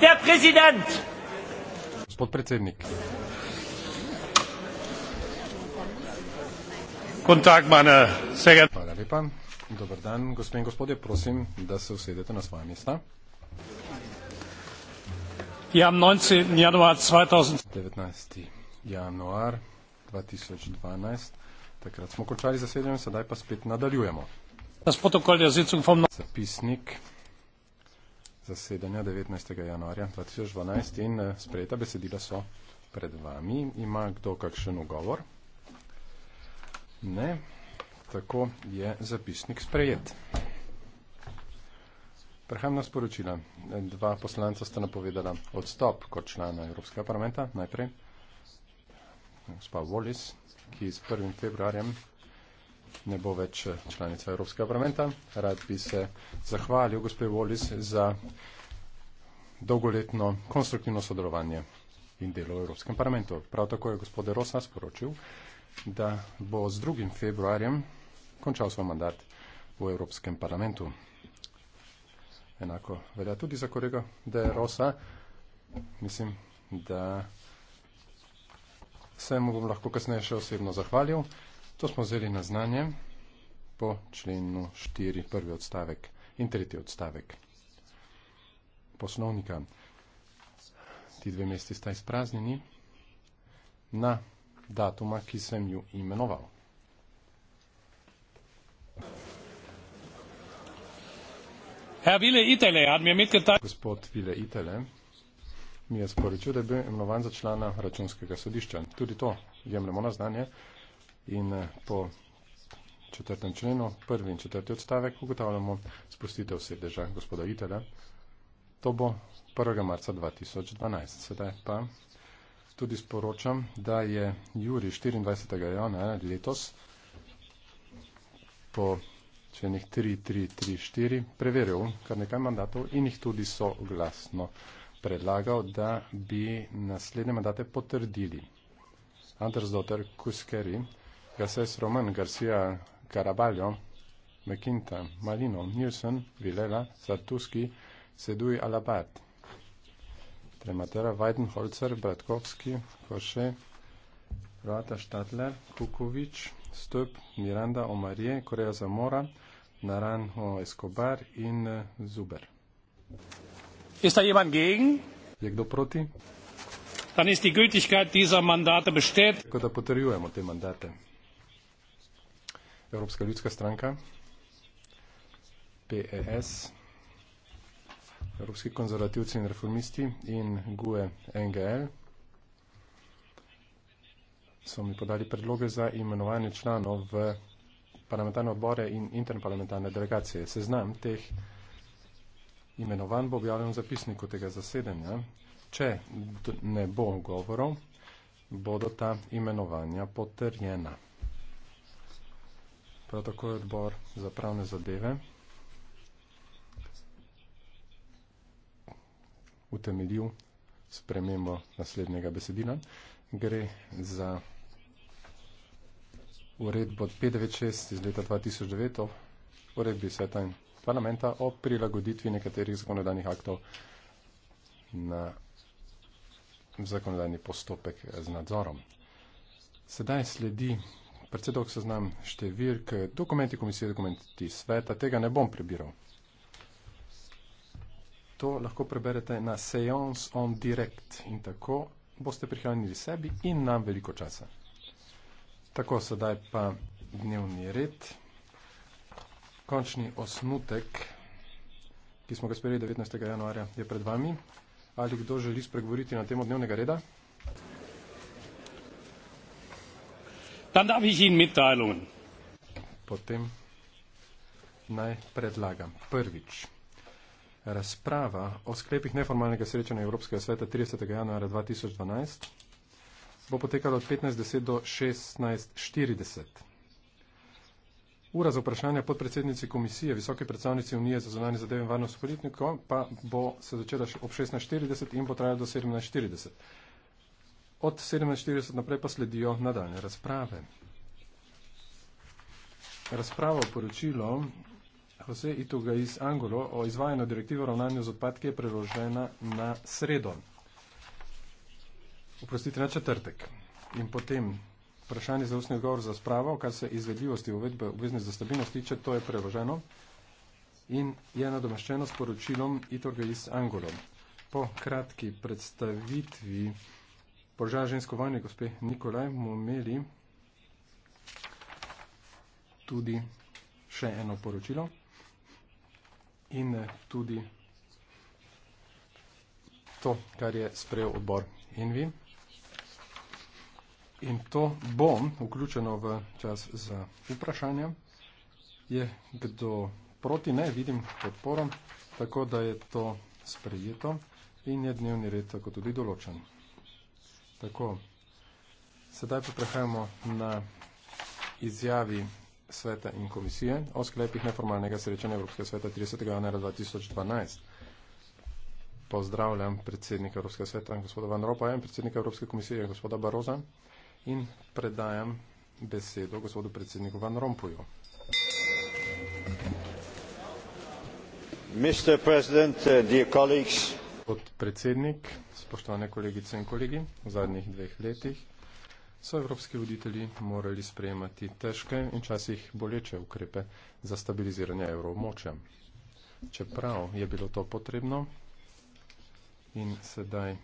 Der Präsident. Gospod predsednik. Guten Tag, meine sehr geehrten. Hvala lepa. Dober dan, gospe in gospodje, prosim, da se usedete na svoje mesta. Ja, 19. januar 2019. Januar 2012. Takrat smo končali zasedanje, sedaj pa spet nadaljujemo. Das Protokoll der Sitzung vom Zapisnik zasedanja 19. januarja 2012 in eh, sprejeta besedila so pred vami. Ima kdo kakšen ugovor? Ne. Tako je zapisnik sprejet. Prehajam na sporočila. Dva poslanca sta napovedala odstop kot člana Evropskega parlamenta. Najprej gospod Wallis, ki s 1. februarjem ne bo več eh, članica Evropskega parlamenta. Rad bi se zahvalil gospe Wallis za dolgoletno konstruktivno sodelovanje in delo v Evropskem parlamentu. Prav tako je gospod Rosa sporočil, da bo z 2. februarjem končal svoj mandat v Evropskem parlamentu. Enako velja tudi za kolega De Rosa. Mislim, da se mu bom lahko kasneje še osebno zahvalil. To smo vzeli na znanje po členu 4, prvi odstavek in tretji odstavek poslovnika. Ti dve mesti sta izpraznjeni na datuma, ki sem ju imenoval. Herr Wille Itele, hat mir mitgeteilt. Gospod Wille Itele mi je sporočil, da je bil imenovan za člana računskega sodišča. Tudi to jemljemo na znanje. In eh, po četrtem členu, prvi in četrti odstavek, ugotavljamo spustitev sedeža gospoda Itela. To bo 1. marca 2012. Sedaj pa tudi sporočam, da je juri 24. januarja letos po členih 3, 3, 3, 4 preveril kar nekaj mandatov in jih tudi so glasno predlagal, da bi naslednje mandate potrdili. Anders Dotter Kuskeri, Gasés Román García Caraballo, Mequinta, Marino, Nielsen, Vilela, Sartuski, Seduy Alabat. Trematera Weidenholzer, Bratkovski, Koše, Roata Štatler, Kukovič, Stop, Miranda Omarije, Koreja Zamora, Naranjo Escobar in eh, Zuber. Je kdo proti? Dann ist die Gültigkeit dieser Mandate bestätigt. Da potrjujemo te mandate. Evropska ljudska stranka, PES, Evropski konzervativci in reformisti in GUE NGL so mi podali predloge za imenovanje članov v parlamentarne odbore in interparlamentarne delegacije. Seznam teh imenovanj bo objavljen v zapisniku tega zasedanja. Če ne bo govorov, bodo ta imenovanja potrjena. Prav tako je odbor za pravne zadeve utemeljil spremembo naslednjega besedila. Gre za uredbo 596 iz leta 2009 o uredbi sveta in parlamenta o prilagoditvi nekaterih zakonodajnih aktov na zakonodajni postopek z nadzorom. Sedaj sledi predvsej dolg seznam številk, dokumenti komisije, dokumenti sveta, tega ne bom prebiral. To lahko preberete na Seance on Direct in tako boste prihranili sebi in nam veliko časa. Tako sedaj pa dnevni red, končni osnutek, ki smo ga sprejeli 19. januarja, je pred vami. Ali kdo želi spregovoriti na temo dnevnega reda? dann darf ich Ihnen mitteilen. Potem naj predlagam. Prvič. Razprava o sklepih neformalnega srečanja Evropskega sveta 30. januarja 2012 bo potekala od 15.10 do 16.40. Ura za vprašanja podpredsednici komisije, visoke predstavnici Unije za zonanje zadeve in varnost politikov pa bo se začela ob 16.40 in bo trajala do 17.40. Od 47 naprej pa sledijo nadaljne razprave. Razpravo poročilo Jose Ituga iz Angolo o izvajanju direktive ravnanja z odpadki je preložena na sredo. Uprostite na četrtek. In potem vprašanje za ustni odgovor za spravo, kar se izvedljivosti uvedbe obveznih za stabilnost tiče, to je preloženo in je nadomaščeno s poročilom Itorga iz Angolo. Po kratki predstavitvi Položaj žensko vojne, gospe Nikolaj, bomo imeli tudi še eno poročilo in eh, tudi to, kar je sprejel odbor Envi. In to bo vključeno v čas za vprašanja. Je kdo proti? Ne, vidim podporo, tako da je to sprejeto in je dnevni red tako tudi določen. Tako. Sedaj pa prehajamo na izjavi sveta in komisije o sklepih neformalnega srečanja Evropskega sveta 30. januarja 2012. Pozdravljam predsednika Evropskega sveta gospoda Van Ropaja in predsednika Evropske komisije gospoda Baroza in predajam besedo gospodu predsedniku Van Rompuju. Mr. President, dear colleagues. Od predsednik, spoštovane kolegice in kolegi, v zadnjih dveh letih so evropski voditelji morali sprejemati težke in časih boleče ukrepe za stabiliziranje evromočja. Čeprav je bilo to potrebno in sedaj.